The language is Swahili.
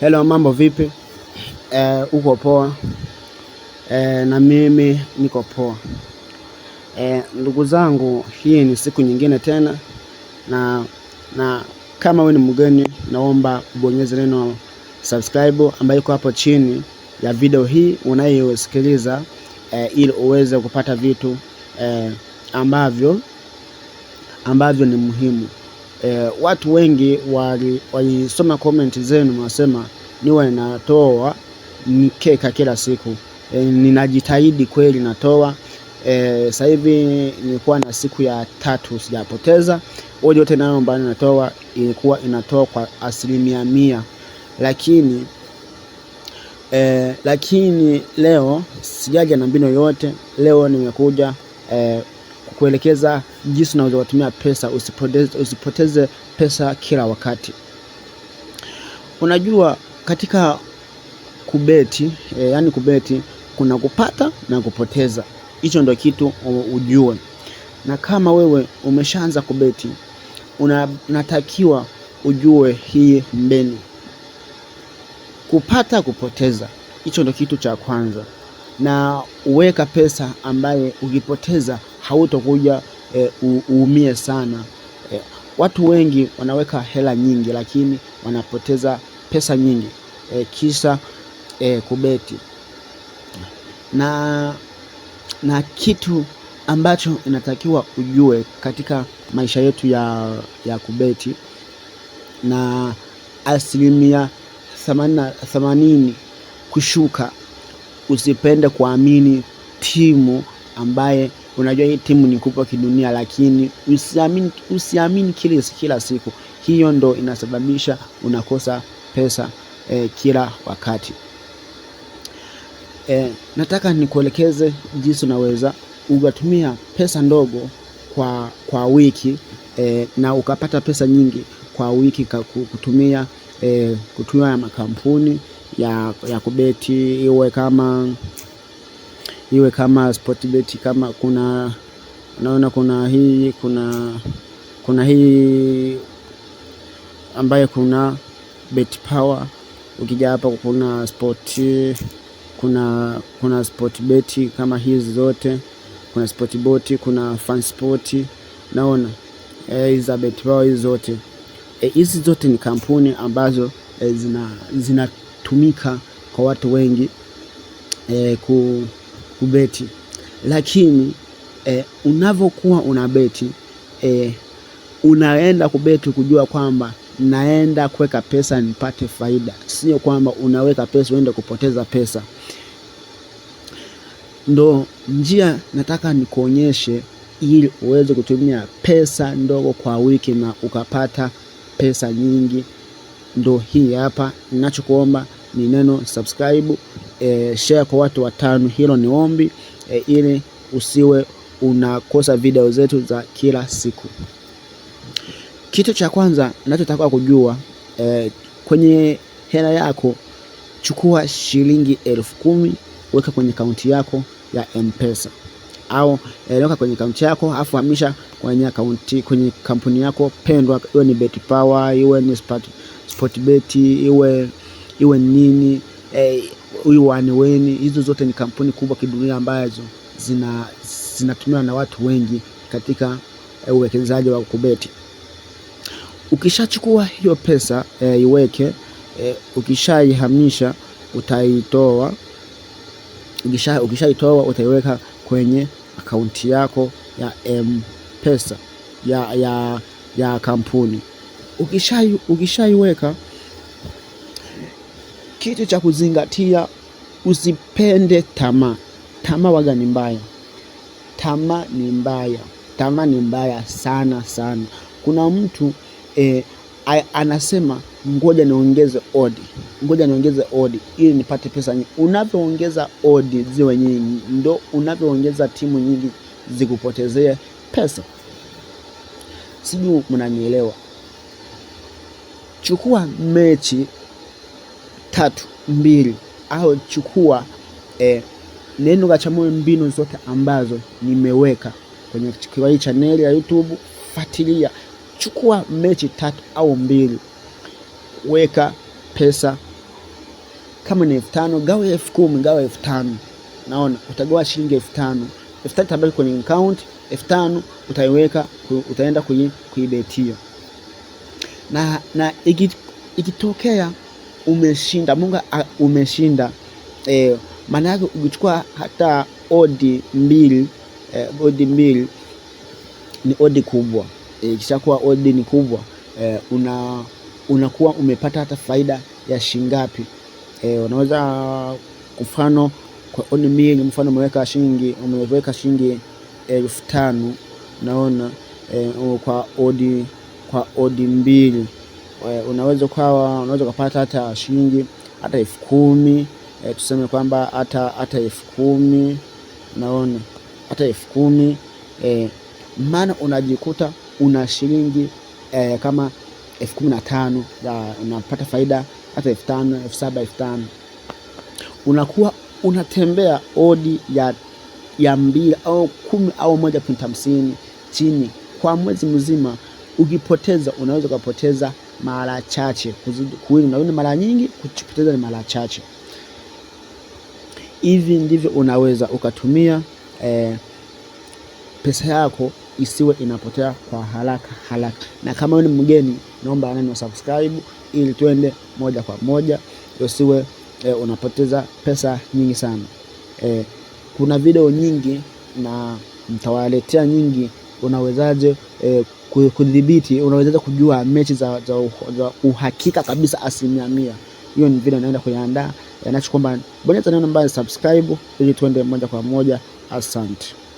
Hello, mambo vipi? Eh, uko poa? Eh, na mimi niko poa. Eh, ndugu zangu, hii ni siku nyingine tena na, na kama wewe ni mgeni, naomba ubonyeze neno subscribe ambayo iko hapo chini ya video hii unayosikiliza, eh, ili uweze kupata vitu eh, ambavyo ambavyo ni muhimu eh, watu wengi walisoma wali comment zenu mwasema niwe natoa mikeka kila siku eh, ninajitahidi kweli natoa eh, sasa hivi nilikuwa na siku ya tatu sijapoteza wote yote nayo ambayo natoa ilikuwa inatoa kwa asilimia mia lakini eh, lakini leo sijaja na mbinu yote leo nimekuja eh, kuelekeza jinsi kutumia pesa. Usipoteze, usipoteze pesa kila wakati. Unajua katika kubeti e, eh, yani kubeti kuna kupata na kupoteza, hicho ndio kitu ujue. Na kama wewe umeshaanza kubeti una, unatakiwa ujue hii mbinu kupata kupoteza, hicho ndio kitu cha kwanza, na uweka pesa ambaye ukipoteza hautokuja e, uumie sana e. Watu wengi wanaweka hela nyingi, lakini wanapoteza pesa nyingi e, kisha e, kubeti na, na kitu ambacho inatakiwa ujue katika maisha yetu ya, ya kubeti na asilimia themanini kushuka, usipende kuamini timu ambaye Unajua hii timu ni kubwa kidunia, lakini usiamini, usiamini kila, kila siku. Hiyo ndo inasababisha unakosa pesa eh, kila wakati eh, nataka nikuelekeze jinsi unaweza ukatumia pesa ndogo kwa, kwa wiki eh, na ukapata pesa nyingi kwa wiki kutumia eh, kutumia makampuni ya, ya kubeti iwe kama iwe kama Sportbet, kama kuna naona kuna hii kuna kuna hii ambayo kuna Bet Power, ukija hapa kuna sport kuna kuna Sportbet kama hizi zote, kuna Sportbot, kuna Fan Sport, naona eh, hizi Bet Power hizi zote eh, hizi e, zote ni kampuni ambazo e, zinatumika zina kwa watu wengi e, ku kubeti, lakini eh, unavyokuwa unabeti eh, unaenda kubeti kujua kwamba naenda kuweka pesa nipate faida, sio kwamba unaweka pesa uende kupoteza pesa. Ndo njia nataka nikuonyeshe ili uweze kutumia pesa ndogo kwa wiki na ukapata pesa nyingi. Ndo hii hapa, ninachokuomba ni neno subscribe e, share kwa watu watano. Hilo ni ombi e, ili usiwe unakosa video zetu za kila siku. Kitu cha kwanza ninachotaka kujua e, kwenye hela yako chukua shilingi elfu kumi weka kwenye akaunti yako ya Mpesa au e, weka kwenye akaunti yako afu hamisha kwenye akaunti kwenye kampuni yako pendwa, iwe ni Power, iwe ni Sport, Bet, iwe iwe nini e, huyu Waniweni, hizo zote ni kampuni kubwa kidunia ambazo zina zinatumiwa na watu wengi katika e, uwekezaji wa kubeti. Ukishachukua hiyo pesa e, iweke e, ukishaihamisha utaitoa, ukisha ukishaitoa utaiweka kwenye akaunti yako ya mpesa ya, ya, ya kampuni ukishai ukishaiweka kitu cha kuzingatia, usipende tamaa. Tamaa waga ni mbaya, tamaa ni mbaya, tamaa ni mbaya sana sana. Kuna mtu eh, anasema ngoja niongeze odi, ngoja niongeze odi ili nipate pesa nyingi. Unavyoongeza odi ziwe nyingi, ndo unavyoongeza timu nyingi zikupotezee pesa. Sijui mnanielewa. Chukua mechi tatu mbili au chukua eh, neno kachamue mbinu zote ambazo nimeweka kwenye kiwai chaneli ya YouTube. Fuatilia, chukua mechi tatu au mbili, weka pesa kama ni elfu tano gawa elfu kumi gawa elfu tano Naona utagawa shilingi elfu tano elfu tano kwenye account, elfu tano utaiweka utaenda kuibetia na, na ikitokea umeshinda, Mungu umeshinda. E, eh, maana yake ukichukua hata odi mbili e, odi mbili ni odi kubwa e, eh, kishakuwa odi ni kubwa e, una unakuwa umepata hata faida ya shingapi e, unaweza mfano kwa odi mbili, mfano umeweka shilingi umeweka shilingi elfu tano naona e, kwa odi kwa odi mbili Eh, unaweza ukawa unaweza ukapata hata shilingi hata elfu kumi e, tuseme kwamba hata hata elfu kumi naona hata elfu kumi e, maana unajikuta una shilingi e, kama elfu kumi na tano unapata faida hata elfu tano elfu saba elfu tano unakuwa unatembea odi ya, ya mbili au kumi au moja pointi hamsini chini kwa mwezi mzima. Ukipoteza unaweza ukapoteza mara chache. Kuwin mara nyingi, kupoteza ni mara chache. Hivi ndivyo unaweza ukatumia eh, pesa yako isiwe inapotea kwa haraka haraka. Na kama wewe ni mgeni, naomba neno subscribe ili tuende moja kwa moja, usiwe eh, unapoteza pesa nyingi sana. Eh, kuna video nyingi na mtawaletea nyingi, unawezaje eh, kudhibiti, unaweza kujua mechi za, za, za uhakika kabisa asilimia mia. Hiyo ni video naenda kuiandaa. yanachokwamba kwamba bonyeza neno mbaya subscribe ili tuende moja kwa moja. Asante.